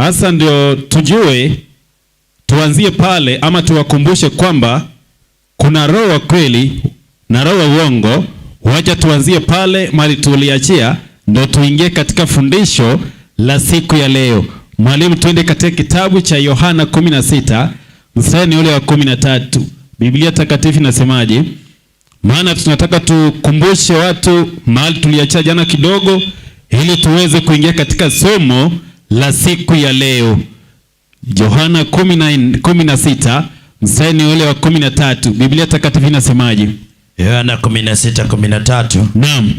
Hasa ndio tujue, tuanzie pale ama tuwakumbushe kwamba kuna roho wa kweli na roho wa uongo. Wacha tuanzie pale mali tuliachia, ndio tuingie katika fundisho la siku ya leo. Mwalimu, twende katika kitabu cha Yohana 16 mstari ule wa 13. Biblia takatifu inasemaje? Maana tunataka tukumbushe watu mali tuliachia jana kidogo, ili tuweze kuingia katika somo la siku ya leo. Yohana 16 mstari ule wa 13, Biblia Takatifu inasemaje? Yohana 16:13. Naam,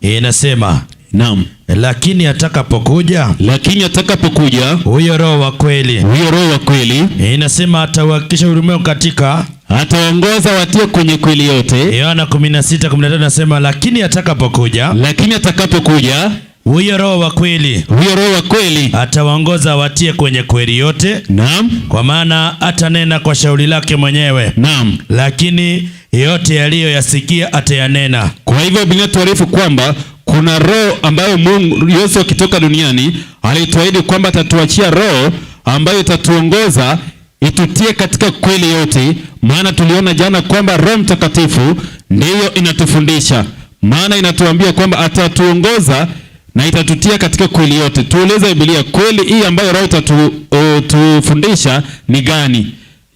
inasema Naam. Lakini atakapokuja, lakini atakapokuja huyo Roho wa kweli, huyo Roho wa kweli inasema atawakisha ulimwengu katika ataongoza watie kwenye kweli yote. Yohana 16:15 nasema, lakini atakapokuja, lakini atakapokuja huyo Roho wa kweli, huyo Roho wa kweli atawaongoza watie kwenye kweli yote. Naam, kwa maana atanena kwa shauri lake mwenyewe. Naam, lakini yote yaliyoyasikia atayanena. Kwa hivyo Biblia inatuarifu kwamba kuna roho ambayo Mungu Yesu akitoka duniani alituahidi kwamba atatuachia roho ambayo itatuongoza itutie katika kweli yote. Maana tuliona jana kwamba Roho Mtakatifu ndiyo inatufundisha, maana inatuambia kwamba atatuongoza na itatutia katika kweli yote. Tueleza Biblia kweli hii ambayo Roho itatufundisha ni gani?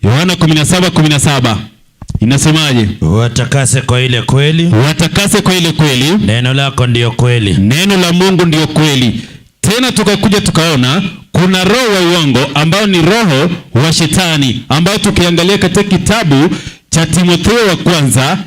Yohana 17:17 inasemaje? Watakase kwa ile kweli, watakase kwa ile kweli. Neno lako ndio kweli, neno la Mungu ndio kweli. Tena tukakuja tukaona kuna roho wa uongo ambao ni roho wa shetani, ambao tukiangalia katika kitabu cha Timotheo wa kwanza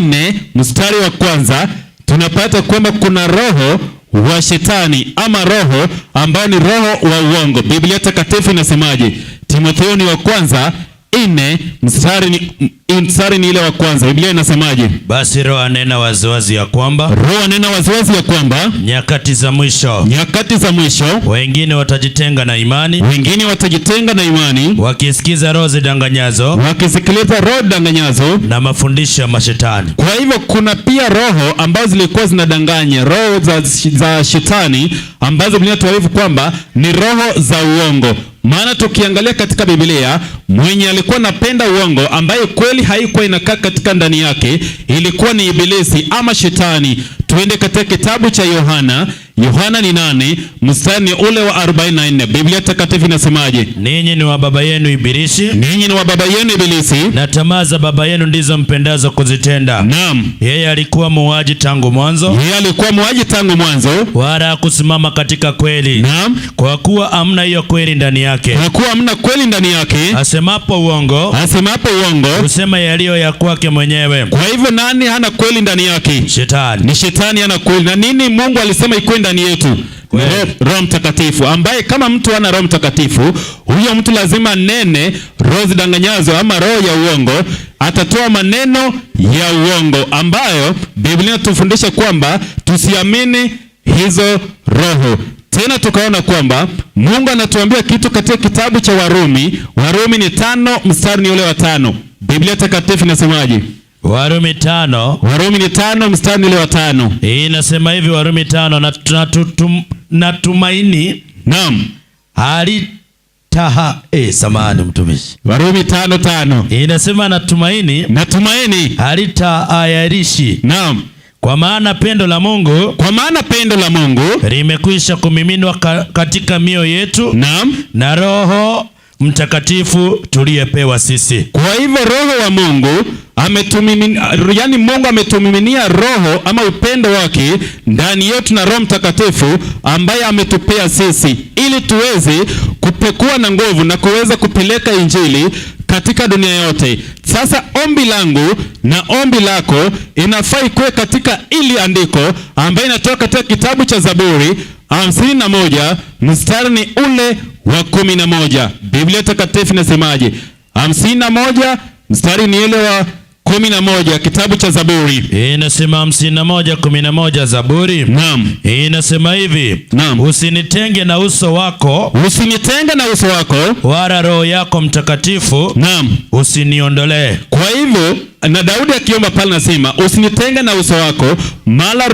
nne mstari wa kwanza tunapata kwamba kuna roho wa shetani ama roho ambaye ni roho wa uongo. Biblia takatifu inasemaje? Timotheo ni wa kwanza nne mstari ni, mstari ni ile wa kwanza. Biblia inasemaje? Basi Roho anena waziwazi ya kwamba, Roho anena waziwazi ya kwamba nyakati za mwisho, nyakati za mwisho wengine watajitenga na imani, wengine watajitenga na imani, wakisikiza roho zidanganyazo, wakisikiliza roho danganyazo na mafundisho ya mashetani. Kwa hivyo kuna pia roho ambazo zilikuwa zinadanganya, roho za, za shetani ambazo Biblia inatuarifu kwamba ni roho za uongo. Maana tukiangalia katika Biblia, mwenye alikuwa napenda uongo, ambaye kweli haikuwa inakaa katika ndani yake, ilikuwa ni Ibilisi ama Shetani. Tuende katika kitabu cha Yohana Yohana ni nane mstari ule wa 44. Biblia takatifu inasemaje? Ninyi ni wa baba yenu Ibilisi, ninyi ni wa baba yenu Ibilisi, na tamaa za baba yenu ndizo mpendazo kuzitenda. Naam, yeye alikuwa muuaji tangu mwanzo, yeye alikuwa muuaji tangu mwanzo, wala hakusimama katika kweli. Naam, kwa kuwa amna hiyo kweli ndani yake, kwa kuwa amna kweli ndani yake. Asemapo uongo, asemapo uongo, husema yaliyo ya kwake mwenyewe. Kwa hivyo nani hana kweli ndani yake? Shetani. Ni shetani hana kweli. Na nini Mungu alisema ikwenda ndani yetu Roho Mtakatifu, ambaye kama mtu ana Roho Mtakatifu, huyo mtu lazima nene roho zidanganyazo ama roho ya uongo, atatoa maneno ya uongo ambayo Biblia tufundisha kwamba tusiamini hizo roho tena tukaona kwamba Mungu anatuambia kitu katika kitabu cha Warumi. Warumi ni tano mstari ni ule wa tano. Biblia takatifu inasemaje? Warumi tano, Warumi ni tano mstari ule wa tano. Hii nasema hivi Warumi tano natutum, natumaini naam Hali taha eh, samahani mtumishi. Warumi tano tano. Hii nasema natumaini natumaini Hali halitaayarishi naam kwa maana pendo la Mungu kwa maana pendo la Mungu limekwisha kumiminwa katika mioyo yetu naam na roho mtakatifu tuliyepewa sisi. Kwa hivyo roho wa Mungu ametumimini, yani Mungu ametumiminia roho ama upendo wake ndani yetu na Roho Mtakatifu ambaye ametupea sisi ili tuweze kupekua na nguvu na kuweza kupeleka injili katika dunia yote. Sasa ombi langu na ombi lako inafaa ikuwe katika ili andiko ambayo inatoka katika kitabu cha Zaburi hamsini na moja mstari ni ule wa kumi na moja Biblia Takatifu inasemaje? hamsini na moja mstari ni ule wa kumi na moja kitabu cha Zaburi inasema hamsini na moja kumi na moja Zaburi naam, inasema hivi naam, usinitenge na uso wako, usinitenge na uso wako, wala roho yako mtakatifu naam, usiniondolee. Kwa hivyo na Daudi akiomba pale nasema, usinitenge na uso wako, mala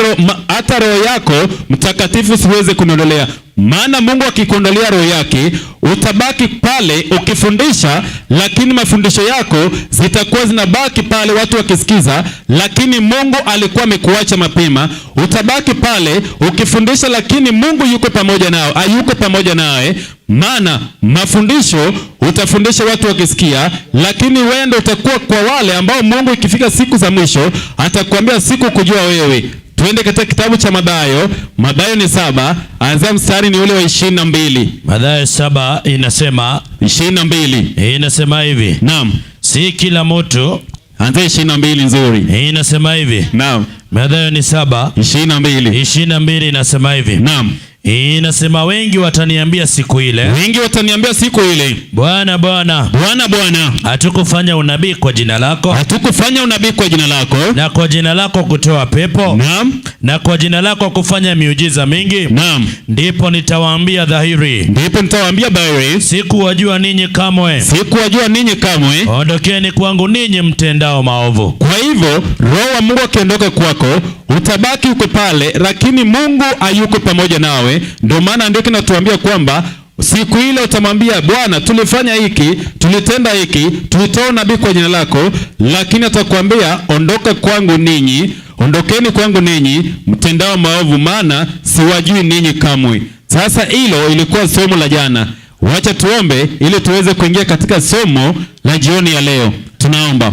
hata roho yako mtakatifu siweze kuniondolea. Maana Mungu akikuondolea roho yake utabaki pale ukifundisha, lakini mafundisho yako zitakuwa zinabaki pale watu wakisikiza, lakini Mungu alikuwa amekuacha mapema. Utabaki pale ukifundisha, lakini Mungu yuko pamoja nao, ayuko pamoja nawe maana mafundisho utafundisha watu wakisikia, lakini wewe ndio utakuwa kwa wale ambao Mungu ikifika siku za mwisho atakwambia siku kujua wewe. Tuende katika kitabu cha Mathayo. Mathayo ni saba, anzia mstari ni ule wa ishirini na mbili. Mathayo saba inasema ishirini na mbili inasema hivi, naam, si kila moto anzia ishirini na mbili nzuri, inasema hivi, naam. Mathayo ni saba ishirini na mbili ishirini na mbili inasema hivi, naam Inasema wengi wataniambia siku ile, wengi wataniambia siku ile, Bwana Bwana, Bwana Bwana, hatukufanya unabii kwa jina lako, hatukufanya unabii kwa jina lako, na kwa jina lako kutoa pepo, naam, na kwa jina lako kufanya miujiza mingi, naam. Ndipo nitawaambia dhahiri, ndipo nitawaambia dhahiri, sikuwajua ninyi kamwe, sikuwajua ninyi kamwe, ondokeni kwangu ninyi mtendao maovu. Kwa hivyo roho wa Mungu akiondoka kwako, utabaki uko pale, lakini Mungu hayuko pamoja nawe mwenyewe. Ndio maana ndio kinatuambia kwamba siku ile utamwambia Bwana, tulifanya hiki, tulitenda hiki, tulitoa nabii kwa jina lako. Lakini atakwambia ondoka kwangu ninyi, ondokeni kwangu ninyi mtendao maovu, maana siwajui ninyi kamwe. Sasa hilo ilikuwa somo la jana. Wacha tuombe ili tuweze kuingia katika somo la jioni ya leo. Tunaomba.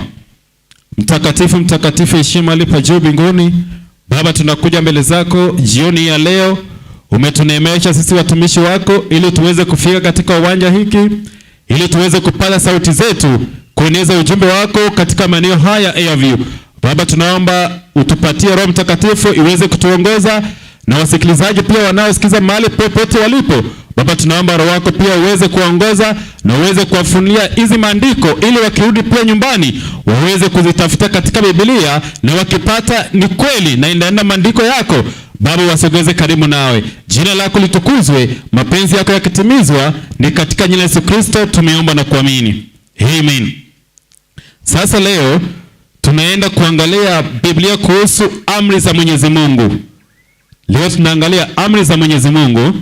Mtakatifu, mtakatifu, heshima lipa juu mbinguni. Baba, tunakuja mbele zako jioni ya leo Umetuneemesha sisi watumishi wako ili tuweze kufika katika uwanja hiki ili tuweze kupata sauti zetu kueneza ujumbe wako katika maeneo haya Airview. Baba, tunaomba utupatie Roho Mtakatifu iweze kutuongoza na wasikilizaji pia wanaosikiza mahali popote walipo. Baba, tunaomba Roho wako pia uweze kuongoza na uweze kuwafunulia hizi maandiko ili wakirudi pia nyumbani waweze kuzitafuta katika Biblia na wakipata ni kweli na inaenda maandiko yako Baba, wasogeze karibu nawe, jina lako litukuzwe, mapenzi yako yakitimizwa. Ni katika jina la Yesu Kristo tumeomba na kuamini Amen. Sasa leo tunaenda kuangalia Biblia kuhusu amri za Mwenyezi Mungu. Leo tunaangalia amri za Mwenyezi Mungu,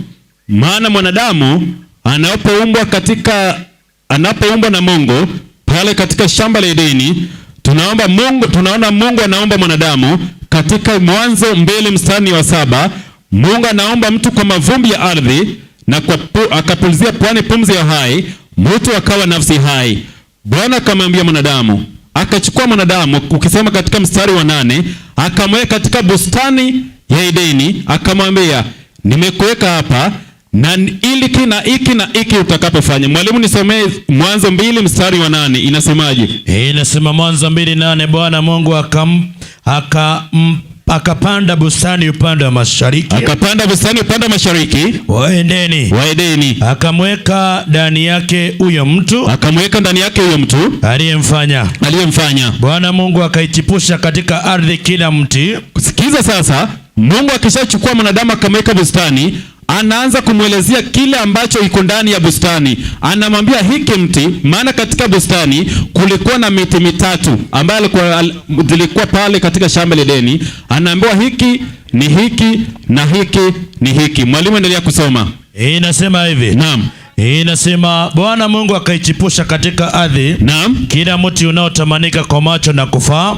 maana mwanadamu anapoumbwa katika anapoumbwa na Mungu pale katika shamba la Edeni, tunaomba Mungu, tunaona Mungu anaomba mwanadamu katika Mwanzo mbili mstari wa saba Mungu anaomba mtu kwa mavumbi ya ardhi na pu, akapulizia pwani pumzi ya hai, mtu akawa nafsi hai. Bwana akamwambia mwanadamu, akachukua mwanadamu, ukisema katika mstari wa nane, akamweka katika bustani ya Edeni, akamwambia nimekuweka hapa na iliki na iki na iki utakapofanya. Mwalimu, nisomee Mwanzo mbili mstari wa nane, inasemaje? Inasema Mwanzo mbili nane, Bwana Mungu akam aka akapanda bustani upande wa mashariki, akapanda bustani upande wa mashariki, waendeni waendeni. Akamweka ndani yake huyo mtu, akamweka ndani yake huyo mtu aliyemfanya aliyemfanya. Bwana Mungu akaichipusha katika ardhi kila mti. Sikiza sasa, Mungu akishachukua mwanadamu akamweka bustani anaanza kumwelezea kile ambacho iko ndani ya bustani. Anamwambia hiki mti, maana katika bustani kulikuwa na miti mitatu ambayo ilikuwa pale katika shamba la Edeni. Anaambiwa hiki ni hiki na hiki ni hiki. Mwalimu, endelea kusoma. Inasema hivi. Naam. Inasema Bwana Mungu akaichipusha katika ardhi kila mti unaotamanika kwa macho na kufaa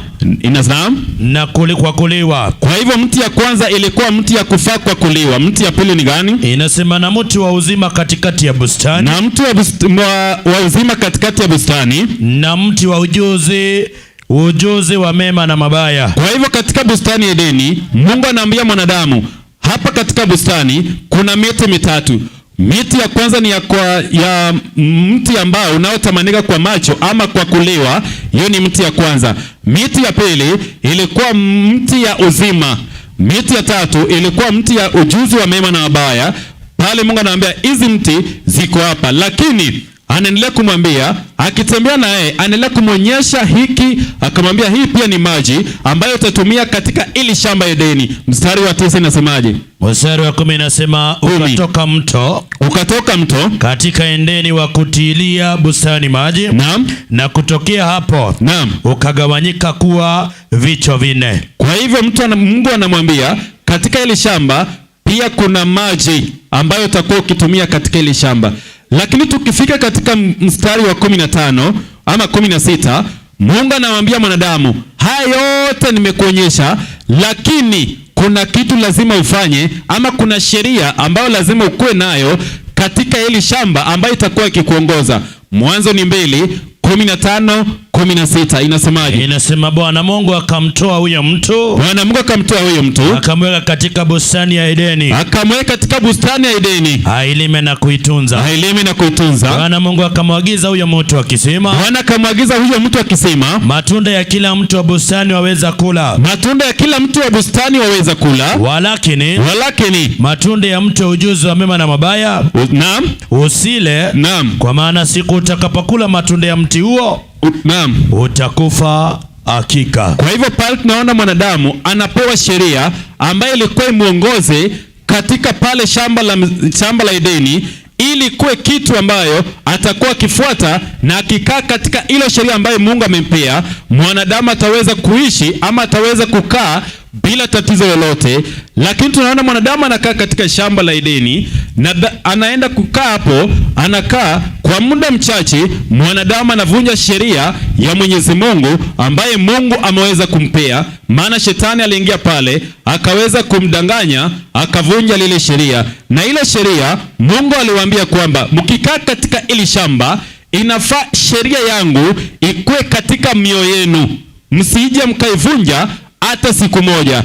na kuli kwa kuliwa. Kwa hivyo mti ya kwanza ilikuwa mti ya kufaa kwa kuliwa. Mti ya pili ni gani? Inasema na mti wa uzima katikati ya bustani na mti wa uzima katikati ya bustani na mti wa ujuzi ujuzi wa mema na mabaya. Kwa hivyo katika bustani Edeni, Mungu anaambia mwanadamu hapa katika bustani kuna miti mitatu Miti ya kwanza ni ya, kwa, ya mti ambao unaotamanika kwa macho ama kwa kuliwa. Hiyo ni mti ya kwanza. Miti ya pili ilikuwa mti ya uzima. Miti ya tatu ilikuwa mti ya ujuzi wa mema na mabaya. Pale Mungu anawaambia hizi mti ziko hapa, lakini anaendelea kumwambia, akitembea naye anaendelea kumwonyesha hiki, akamwambia hii pia ni maji ambayo utatumia katika ili shamba Edeni. Mstari wa tisa inasemaje? Mstari wa kumi inasema ukatoka mto, ukatoka mto katika endeni wa kutilia bustani maji. na, Na kutokea hapo na, ukagawanyika kuwa vicho vinne. Kwa hivyo mtu Mungu anamwambia katika ili shamba pia kuna maji ambayo utakuwa ukitumia katika ili shamba. Lakini tukifika katika mstari wa kumi na tano ama kumi na sita Mungu anawaambia mwanadamu, haya yote nimekuonyesha, lakini kuna kitu lazima ufanye, ama kuna sheria ambayo lazima ukuwe nayo katika hili shamba ambayo itakuwa ikikuongoza. Mwanzo ni mbili kumi na tano kumi na sita inasemaje? Inasema Bwana Mungu akamtoa huyo mtu, Bwana Mungu akamtoa huyo mtu, akamweka katika bustani ya Edeni, akamweka katika bustani ya Edeni ailime na kuitunza, ailime na kuitunza. Bwana Mungu akamwagiza huyo mtu akisema, Bwana akamwagiza huyo mtu akisema, matunda ya kila mtu wa bustani waweza kula, matunda ya kila mtu wa bustani waweza kula, walakini, walakini matunda ya mtu wa ujuzi wa mema na mabaya, naam, usile, naam, kwa maana siku utakapokula matunda ya mti huo Naam. Utakufa hakika. Kwa hivyo pale tunaona mwanadamu anapewa sheria ambayo ilikuwa imwongoze katika pale shamba la, shamba la Edeni ili kuwe kitu ambayo atakuwa akifuata na akikaa katika ile sheria ambayo Mungu amempea, mwanadamu ataweza kuishi ama ataweza kukaa bila tatizo lolote, lakini tunaona mwanadamu anakaa katika shamba la Edeni na anaenda kukaa hapo, anakaa kwa muda mchache, mwanadamu anavunja sheria ya Mwenyezi Mungu ambaye Mungu ameweza kumpea, maana shetani aliingia pale akaweza kumdanganya, akavunja lile sheria, na ile sheria Mungu aliwaambia kwamba mkikaa katika ili shamba inafaa sheria yangu ikuwe katika mioyo yenu, msije mkaivunja hata siku moja.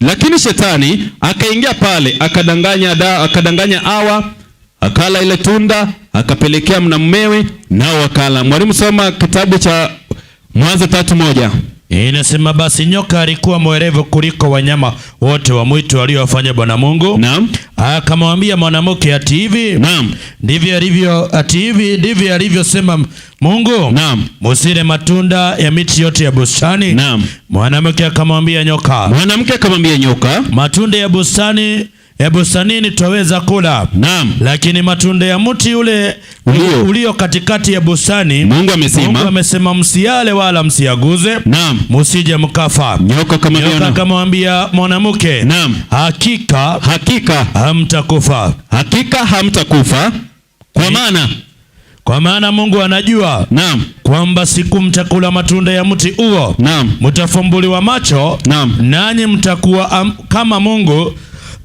Lakini shetani akaingia pale akadanganya da, akadanganya awa akala ile tunda akapelekea mna mmewe nao wakala. Mwalimu, soma kitabu cha Mwanzo tatu moja. Inasema basi nyoka alikuwa mwerevu kuliko wanyama wote wa mwitu aliyowafanya Bwana Mungu. Naam. Akamwambia mwanamke ati hivi. Naam. Ndivyo alivyo ati hivi ndivyo alivyosema Mungu, naam, musile matunda ya miti yote ya bustani. Naam. Mwanamke akamwambia nyoka, mwanamke akamwambia nyoka, matunda ya bustani ya bustanini twaweza kula. Naam. Lakini matunda ya mti ule ulio, ulio katikati ya bustani Mungu amesema, Mungu amesema msiale wala msiaguze. Naam. Musije mkafa. Nyoka akamwambia mwanamke, Naam. Hakika, hakika hamtakufa. Hakika hamtakufa kwa maana kwa maana Mungu anajua naam, kwamba siku mtakula matunda ya mti huo naam, mtafumbuliwa macho naam, nanyi mtakuwa kama Mungu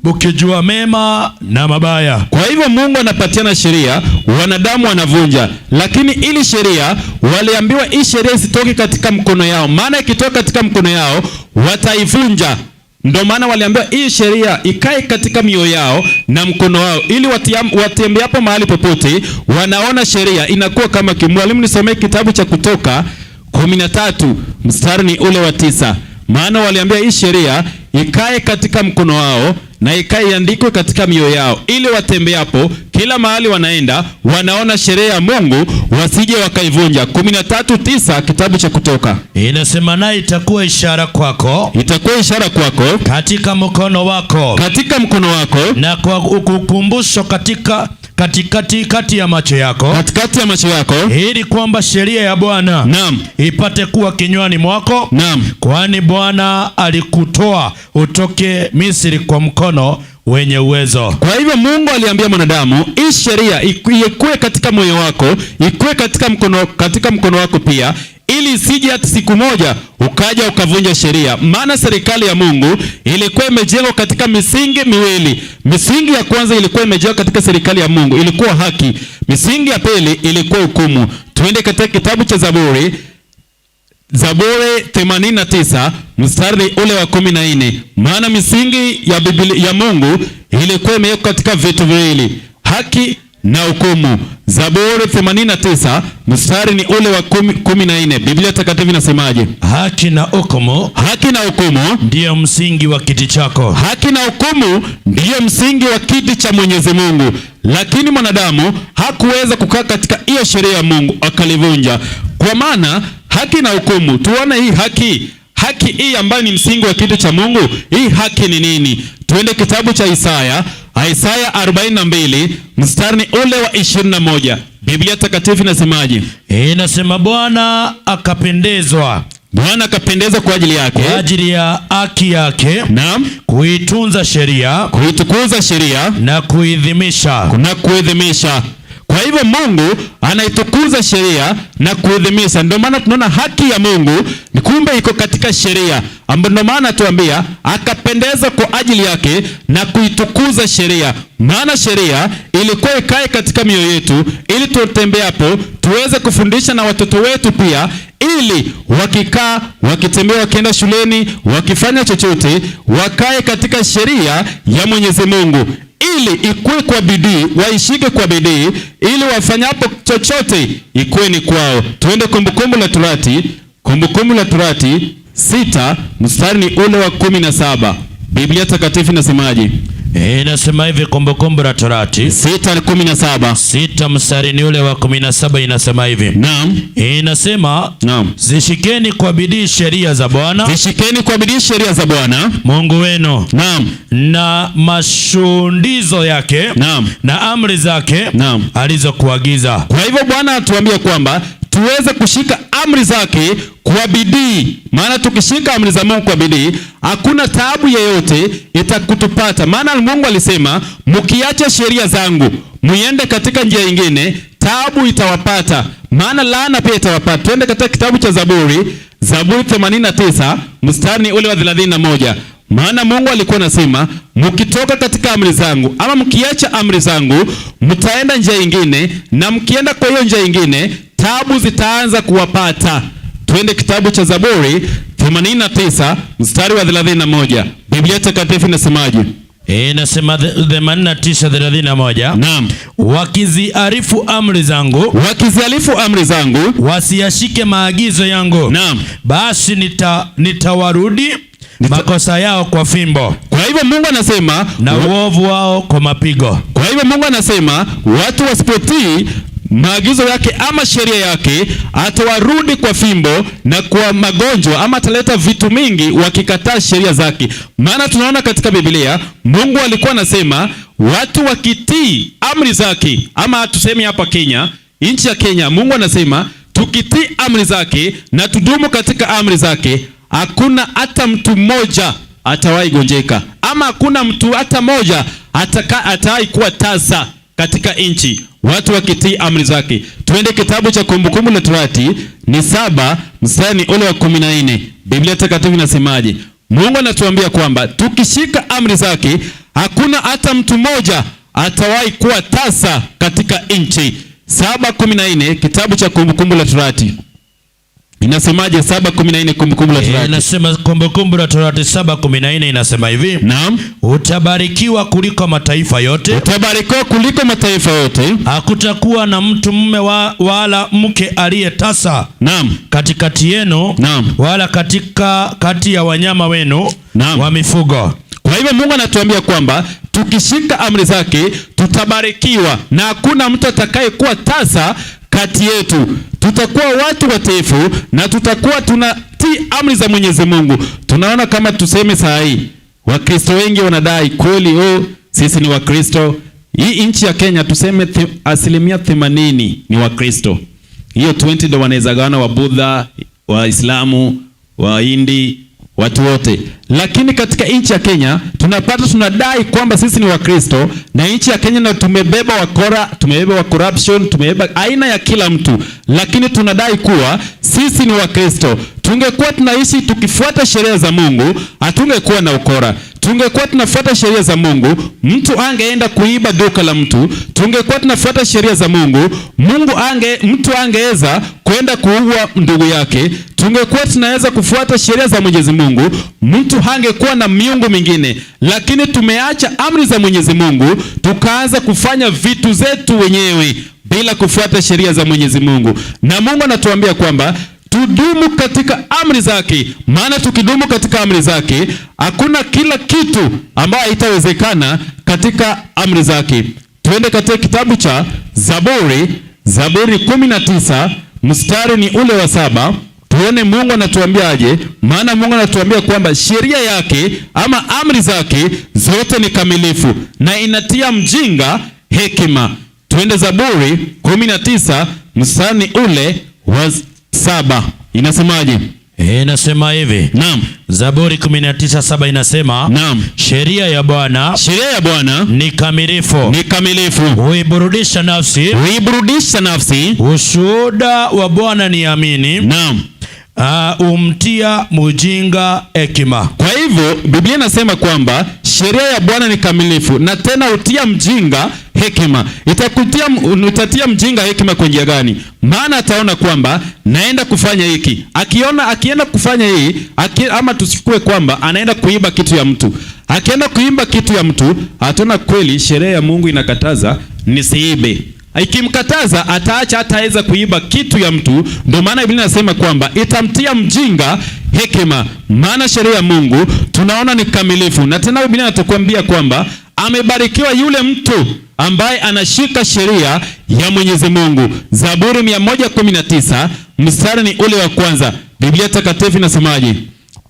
ukijua mema na mabaya. Kwa hivyo Mungu anapatiana sheria, wanadamu wanavunja, lakini ili sheria waliambiwa, hii sheria isitoke katika mkono yao, maana ikitoka katika mkono yao wataivunja. Ndio maana waliambiwa hii sheria ikae katika mioyo yao na mkono wao, ili watembe hapo mahali popote wanaona sheria inakuwa kama kimwalimu. Nisomee kitabu cha Kutoka 13 mstari ni ule wa tisa, maana waliambiwa hii sheria ikae katika mkono wao na ikae iandikwe katika mioyo yao, ili watembeapo kila mahali wanaenda wanaona sherehe ya Mungu, wasije wakaivunja. kumi na tatu tisa kitabu cha Kutoka inasema, na itakuwa ishara kwako, itakuwa ishara kwako katika mkono wako, katika mkono wako, na kwa ukumbusho katika katikati kati ya macho yako, katikati ya macho yako, ili kwamba sheria ya Bwana naam ipate kuwa kinywani mwako. Naam, kwani Bwana alikutoa utoke Misri kwa mkono wenye uwezo. Kwa hivyo Mungu aliambia mwanadamu, hii sheria ikuwe katika moyo wako, ikuwe katika mkono, katika mkono wako pia ili isije hata siku moja ukaja ukavunja sheria. Maana serikali ya Mungu ilikuwa imejengwa katika misingi miwili. Misingi ya kwanza ilikuwa imejengwa katika serikali ya Mungu, ilikuwa haki. Misingi ya pili ilikuwa hukumu. Tuende katika kitabu cha Zaburi, Zaburi 89 mstari ule wa kumi na nne. Maana misingi ya Biblia ya Mungu ilikuwa imewekwa katika vitu viwili, haki na hukumu. Zaburi 89 mstari ni ule wa 14. Biblia takatifu inasemaje? Haki na hukumu, haki na hukumu ndiyo msingi wa kiti chako, haki na hukumu ndiyo msingi wa kiti cha Mwenyezi Mungu. Lakini mwanadamu hakuweza kukaa katika hiyo sheria ya Mungu, akalivunja. Kwa maana haki na hukumu, tuone hii haki haki hii ambayo ni msingi wa kiti cha Mungu, hii haki ni nini? Tuende kitabu cha Isaya Isaya 42 mstari ule wa 21, Biblia takatifu inasemaje? E, inasema Bwana akapendezwa Bwana akapendezwa kwa ajili yake, kwa ajili ya haki yake, naam, kuitunza sheria, kuitukuza sheria na kuidhimisha, kuna kuidhimisha kwa hivyo Mungu anaitukuza sheria na kuidhimisha. Ndio maana tunaona haki ya Mungu ni kumbe iko katika sheria, ambapo ndio maana tuambia akapendeza kwa ajili yake na kuitukuza sheria, maana sheria ilikuwa ikae katika mioyo yetu, ili hapo, tuweze kufundisha na watoto wetu pia, ili wakikaa, wakitembea, wakienda shuleni, wakifanya chochote, wakae katika sheria ya Mwenyezi Mungu ili ikue kwa bidii, waishike kwa bidii, ili wafanyapo chochote ikue ni kwao. Tuende Kumbukumbu la Torati, Kumbukumbu la Torati sita mstari ni ule wa kumi na saba Biblia Takatifu inasemaje? Eh, inasema hivi Kumbukumbu la Torati sita kumi na saba sita mstari ni ule wa kumi na saba inasema hivi. Naam. Eh, inasema Naam. Zishikeni kwa bidii sheria za Bwana, zishikeni kwa bidii sheria za Bwana Mungu wenu Naam. na mashundizo yake Naam. na amri zake Naam. alizokuagiza. Kwa hivyo Bwana atuambia kwamba tuweze kushika amri zake kwa bidii. Maana tukishika amri za Mungu kwa bidii, hakuna taabu yeyote itakutupata. Maana Mungu alisema, mkiacha sheria zangu muende katika njia nyingine, taabu itawapata, maana laana pia itawapata. Twende katika kitabu cha Zaburi, Zaburi 89 mstari ule wa 31. Maana Mungu alikuwa anasema mkitoka katika amri zangu ama mkiacha amri zangu mtaenda njia nyingine, na mkienda kwa hiyo njia nyingine taabu zitaanza kuwapata. Twende kitabu cha Zaburi 89 mstari wa 31. Biblia takatifu inasemaje? Eh, nasema 89:31. Naam. Wakiziarifu amri zangu, wakiziarifu amri zangu, wasiyashike maagizo yangu. Naam. Basi nita nitawarudi Nita... makosa yao kwa fimbo. Kwa hivyo Mungu anasema na uovu wao kwa mapigo. Kwa hivyo Mungu anasema watu wasipotii maagizo yake ama sheria yake, atawarudi kwa fimbo na kwa magonjwa, ama ataleta vitu mingi wakikataa sheria zake. Maana tunaona katika Biblia Mungu alikuwa anasema watu wakitii amri zake, ama tuseme hapa Kenya, nchi ya Kenya, Mungu anasema tukitii amri zake na tudumu katika amri zake, hakuna hata mtu mmoja atawahi gonjeka, ama hakuna mtu hata mmoja atawahi kuwa tasa katika nchi watu wakitii amri zake. Twende kitabu cha Kumbukumbu la Torati ni saba mstari ule wa kumi na nne Biblia takatifu inasemaje? Mungu anatuambia kwamba tukishika amri zake hakuna hata mtu mmoja atawahi kuwa tasa katika nchi. saba kumi na nne kitabu cha Kumbukumbu la Torati. Inasemaje? 7:14 Kumbukumbu la eh, Torati. Inasema Kumbukumbu la Torati 7:14 inasema hivi. Naam. Utabarikiwa kuliko mataifa yote. Utabarikiwa kuliko mataifa yote. Hakutakuwa na mtu mume wa, wala mke aliye tasa. Naam. Katikati yenu. Naam. Wala katika kati ya wanyama wenu. Naam. wa mifugo. Kwa hivyo Mungu anatuambia kwamba tukishika amri zake tutabarikiwa na hakuna mtu atakayekuwa tasa kati yetu, tutakuwa watu watiifu na tutakuwa tunatii amri za Mwenyezi Mungu. Tunaona kama tuseme saa hii Wakristo wengi wanadai kweli, oh, sisi ni Wakristo. Hii nchi ya Kenya tuseme the, asilimia themanini ni Wakristo, hiyo 20 ndio wanaweza gawana Wabudha, Waislamu, Wahindi watu wote. Lakini katika nchi ya Kenya tunapata tunadai kwamba sisi ni Wakristo na nchi ya Kenya na tumebeba wakora, tumebeba wa corruption, tumebeba aina ya kila mtu, lakini tunadai kuwa sisi ni Wakristo. Tungekuwa tunaishi tukifuata sheria za Mungu, hatungekuwa na ukora tungekuwa tunafuata sheria za Mungu, mtu angeenda kuiba duka la mtu. Tungekuwa tunafuata sheria za Mungu, Mungu ange, mtu angeweza kwenda kuua ndugu yake. Tungekuwa tunaweza kufuata sheria za Mwenyezi Mungu, mtu hangekuwa na miungu mingine. Lakini tumeacha amri za Mwenyezi Mungu, tukaanza kufanya vitu zetu wenyewe bila kufuata sheria za Mwenyezi Mungu, na Mungu anatuambia kwamba tudumu katika amri zake, maana tukidumu katika amri zake hakuna kila kitu ambayo haitawezekana katika amri zake. Tuende katika kitabu cha Zaburi, Zaburi 19 mstari ni ule wa saba. Tuone Mungu anatuambiaje, maana Mungu anatuambia kwamba sheria yake ama amri zake zote ni kamilifu na inatia mjinga hekima. Tuende Zaburi 19 mstari ule wa saba inasemaje? E, inasema hivi. Naam. Zaburi 19:7 inasema, Naam. Sheria ya Bwana, sheria ya Bwana ni kamilifu, ni kamilifu. Huiburudisha nafsi, huiburudisha nafsi. Ushuhuda wa Bwana ni amini. Naam. Uh, ah, umtia mujinga hekima. Kwa hivyo Biblia inasema kwamba sheria ya Bwana ni kamilifu, na tena utia mjinga hekima. Itakutia, utatia mjinga hekima kwa njia gani? Maana ataona kwamba naenda kufanya hiki, akiona akienda kufanya hii aki, ama tusikue kwamba anaenda kuiba kitu ya mtu. Akienda kuiba kitu ya mtu, ataona kweli sheria ya Mungu inakataza nisiibe Ikimkataza ataacha hataweza kuiba kitu ya mtu. Ndio maana Biblia inasema kwamba itamtia mjinga hekima, maana sheria ya Mungu tunaona ni kamilifu. Na tena Biblia inatukwambia kwamba amebarikiwa yule mtu ambaye anashika sheria ya Mwenyezi Mungu. Zaburi 119 mstari ni ule wa kwanza. Biblia takatifu inasemaje?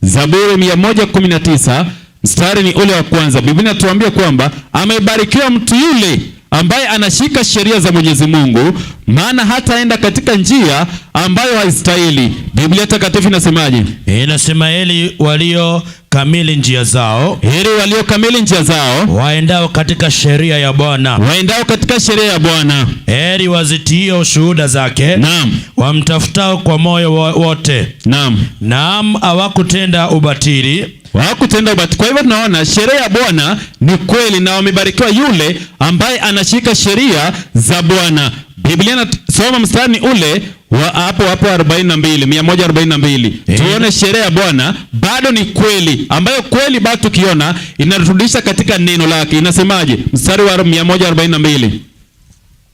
Zaburi 119 mstari ni ule wa kwanza. Biblia inatuambia kwamba amebarikiwa mtu yule ambaye anashika sheria za Mwenyezi Mungu, maana hataenda katika njia ambayo haistahili. Biblia takatifu inasemaje? Eh, inasema heli walio kamili njia zao, heri waliokamili njia zao, waendao katika sheria ya Bwana, waendao katika sheria ya Bwana. Heri wazitio shuhuda zake, naam, wamtafutao kwa moyo wote, naam, naam, hawakutenda ubatili hawakutenda ubatizo. Kwa hivyo tunaona sheria ya Bwana ni kweli, na wamebarikiwa yule ambaye anashika sheria za Bwana. Biblia inasoma mstari ule wa hapo hapo 42 142, eh. tuone sheria ya Bwana bado ni kweli, ambayo kweli bado tukiona inarudisha katika neno lake. Inasemaje? mstari wa 142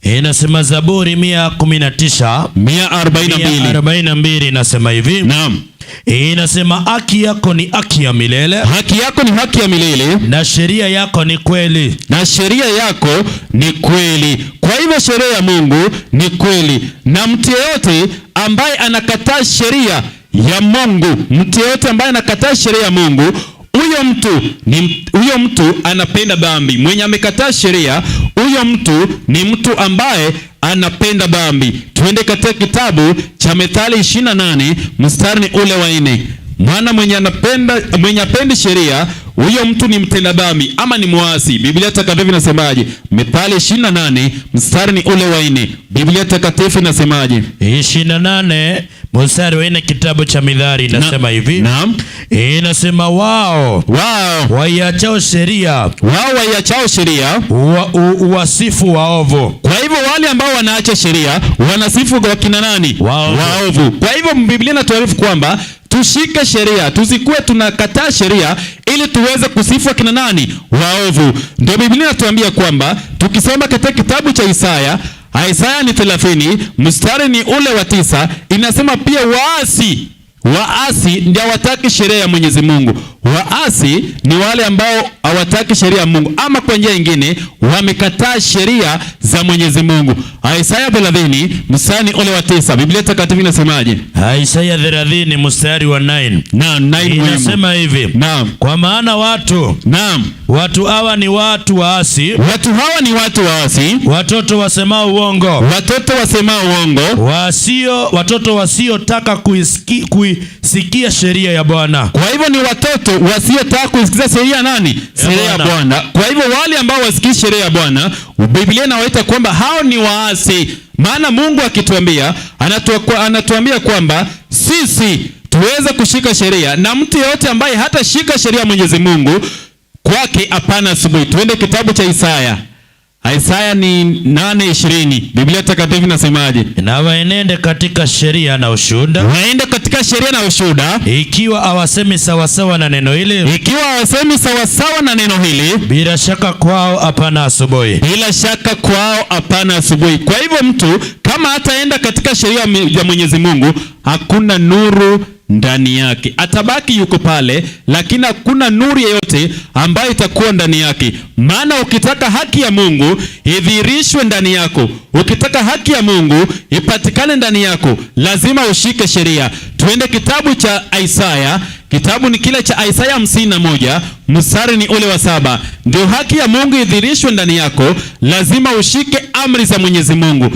Inasema eh, Zaburi 119 142 inasema hivi. Naam. Inasema eh, haki yako ni haki ya milele. Haki yako ni haki ya milele. Na sheria yako ni kweli. Na sheria yako ni kweli. Kwa hivyo sheria ya Mungu ni kweli. Na mtu yeyote ambaye anakataa sheria ya Mungu, mtu yeyote ambaye anakataa sheria ya Mungu huyo mtu ni huyo mtu anapenda dhambi. Mwenye amekataa sheria, huyo mtu ni mtu ambaye anapenda dhambi. Tuende katika kitabu cha Methali 28 mstari ule wa 4, Mwana mwenye anapenda mwenye apendi sheria huyo mtu ni mtenda dhambi ama ni mwasi. Biblia takatifu inasemaje? Methali 28 mstari ni ule wa 4. Biblia takatifu inasemaje? 28 mstari wa 4, kitabu cha Mithali inasema na, hivi. Naam, eh, inasema wao wao waiachao sheria, wao waiachao sheria uwasifu waovu. Kwa hivyo wale ambao wanaacha sheria wanasifu kwa kina nani? Waovu. Kwa hivyo Biblia inatuarifu kwamba tushike sheria, tusikuwe tunakataa sheria ili tuweze kusifu kina nani? Waovu. Ndio Biblia inatuambia kwamba tukisoma katika kitabu cha Isaya, Isaya ni 30 mstari ni ule wa tisa, inasema pia waasi waasi ndio wataki sheria ya Mwenyezi Mungu. Waasi ni wale ambao hawataki sheria ya Mungu, ama kwa njia nyingine wamekataa sheria za Mwenyezi Mungu. Isaya 30 mstari ule wa 9, Biblia Takatifu inasemaje? Isaya 30 mstari wa 9. Naam, 9 inasema hivi. Naam. Kwa maana watu. Naam. Watu hawa ni watu waasi. Watu hawa ni watu waasi. Watoto wasemao uongo. Watoto wasemao uongo. Wasio, watoto wasiotaka kuisikia sheria ya Bwana. Kwa hivyo ni watoto wote wasiyetaka kuisikiza sheria nani? Sheria ya Bwana. Kwa hivyo wale ambao wasikii sheria ya Bwana, Biblia inawaita kwamba hao ni waasi, maana Mungu akituambia, anatuambia kwamba sisi tuweze kushika sheria, na mtu yeyote ambaye hatashika sheria ya Mwenyezi Mungu kwake hapana asubuhi. Tuende kitabu cha Isaya Isaya ni ishirini. Biblia takatifu inasemaje? Na waenende katika sheria na ushuhuda. Waende katika sheria na ushuhuda. Ikiwa awasemi sawasawa na neno hili. Ikiwa awasemi sawasawa na neno hili. Bila shaka kwao hapana asubuhi. Bila shaka kwao hapana asubuhi. Kwa hivyo mtu kama hataenda katika sheria ya Mwenyezi Mungu hakuna nuru ndani yake, atabaki yuko pale, lakini hakuna nuru yeyote ambayo itakuwa ndani yake. Maana ukitaka haki ya Mungu idhihirishwe ndani yako, ukitaka haki ya Mungu ipatikane ndani yako, lazima ushike sheria. Tuende kitabu cha Isaya, kitabu ni kile cha Isaya hamsini moja mstari ni ule wa saba. Ndio haki ya Mungu idhihirishwe ndani yako, lazima ushike amri za Mwenyezi Mungu.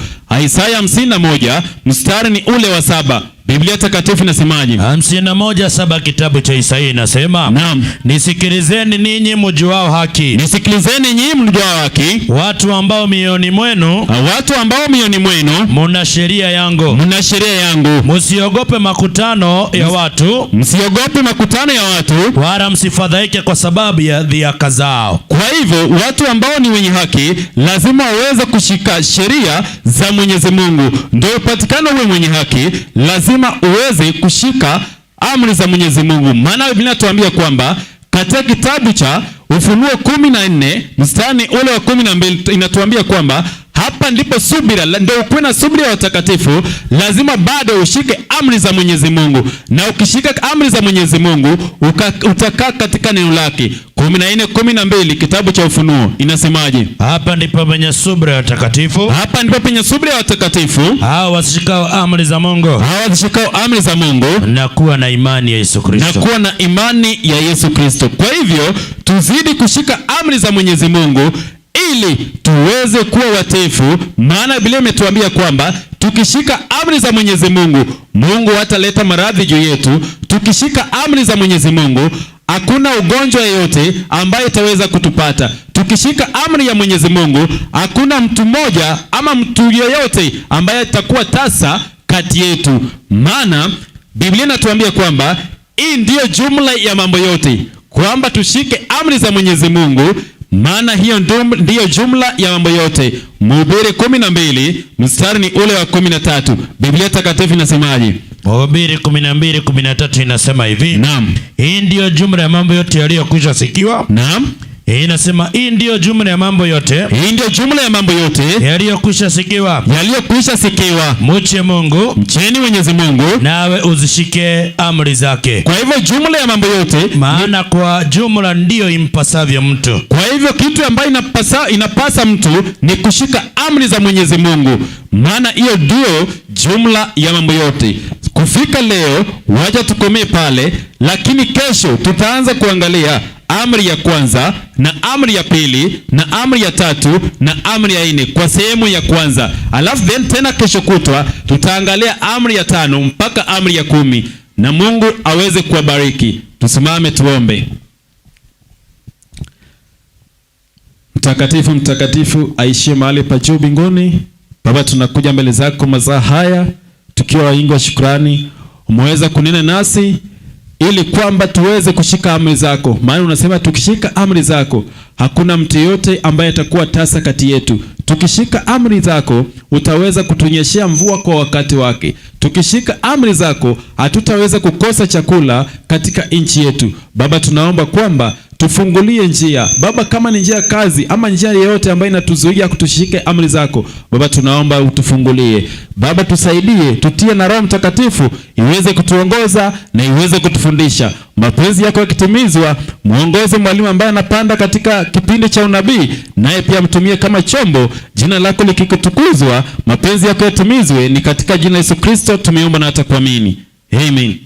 Isaya 51 mstari ni ule wa saba. Biblia takatifu inasemaje? 51:7 kitabu cha Isaia inasema, Naam. Nisikilizeni ninyi mjuao haki. Nisikilizeni nyinyi mjuao haki, watu ambao mioni mwenu, watu ambao mioni mwenu mna sheria yangu. Mna sheria yangu. Msiogope makutano ya watu. Msiogope makutano ya watu, wala msifadhaike kwa sababu ya dhiaka zao. Kwa hivyo watu ambao ni wenye haki lazima waweze kushika sheria za Mwenyezi Mungu, ndio upatikano wewe mwenye haki lazima lazima uweze kushika amri za Mwenyezi Mungu, maana Biblia inatuambia kwamba katika kitabu cha Ufunuo kumi na nne mstari ule wa kumi na mbili inatuambia kwamba hapa ndipo subira, ndio ukuwe na subira ya watakatifu. Lazima bado ushike amri za Mwenyezi Mungu, na ukishika amri za Mwenyezi Mungu utakaa katika neno lake. kumi na nne kumi na mbili kitabu cha Ufunuo inasemaje? Hapa ndipo penye subira ya watakatifu, hapa ndipo penye subira ya watakatifu, hao washikao amri za Mungu, hao washikao amri za Mungu na kuwa na imani ya Yesu Kristo, na kuwa na imani ya Yesu Kristo. Kwa hivyo tuzidi kushika amri za Mwenyezi Mungu ili tuweze kuwa watiifu, maana Biblia imetuambia kwamba tukishika amri za Mwenyezi Mungu, Mungu hataleta maradhi juu yetu. Tukishika amri za Mwenyezi Mungu, hakuna ugonjwa yeyote ambaye itaweza kutupata. Tukishika amri ya Mwenyezi Mungu, hakuna mtu mmoja ama mtu yeyote ambaye atakuwa tasa kati yetu, maana Biblia inatuambia kwamba hii ndiyo jumla ya mambo yote, kwamba tushike amri za Mwenyezi Mungu maana hiyo ndiyo jumla ya mambo yote. Mhubiri kumi na mbili mstari ni ule wa kumi na tatu. Biblia Takatifu inasemaje? Mhubiri kumi na mbili kumi na tatu inasema hivi, naam, hii ndiyo jumla ya mambo yote yaliyokwisha sikiwa, naam Eh, inasema hii ndiyo jumla ya mambo yote. Hii ndio jumla ya mambo yote yaliyokwisha sikiwa, yaliyokwisha sikiwa. Mche Mungu, mcheni Mwenyezi Mungu, nawe uzishike amri zake. Kwa hivyo jumla ya mambo yote, maana kwa jumla ndiyo impasavyo mtu. Kwa hivyo kitu ambayo inapasa, inapasa mtu ni kushika amri za Mwenyezi Mungu, maana hiyo ndio jumla ya mambo yote. Kufika leo waja tukomee pale, lakini kesho tutaanza kuangalia amri ya kwanza na amri ya pili na amri ya tatu na amri ya nne kwa sehemu ya kwanza, alafu then tena kesho kutwa tutaangalia amri ya tano mpaka amri ya kumi na Mungu aweze kuwabariki. Tusimame tuombe. Mtakatifu, mtakatifu aishie mahali pa juu mbinguni, Baba, tunakuja mbele zako mazaa haya tukiwa wingi wa shukrani, umeweza kunena nasi ili kwamba tuweze kushika amri zako, maana unasema tukishika amri zako hakuna mtu yote ambaye atakuwa tasa kati yetu. Tukishika amri zako utaweza kutunyeshea mvua kwa wakati wake. Tukishika amri zako hatutaweza kukosa chakula katika nchi yetu. Baba, tunaomba kwamba tufungulie njia Baba, kama ni njia kazi ama njia yoyote ambayo inatuzuia kutushike amri zako Baba, tunaomba utufungulie Baba, tusaidie, tutie na Roho Mtakatifu iweze kutuongoza na iweze kutufundisha mapenzi yako yakitimizwa. Mwongoze mwalimu ambaye anapanda katika kipindi cha unabii, naye pia mtumie kama chombo, jina lako likikutukuzwa, mapenzi yako yatimizwe. Ni katika jina Yesu Kristo tumeomba na hata kuamini, amen.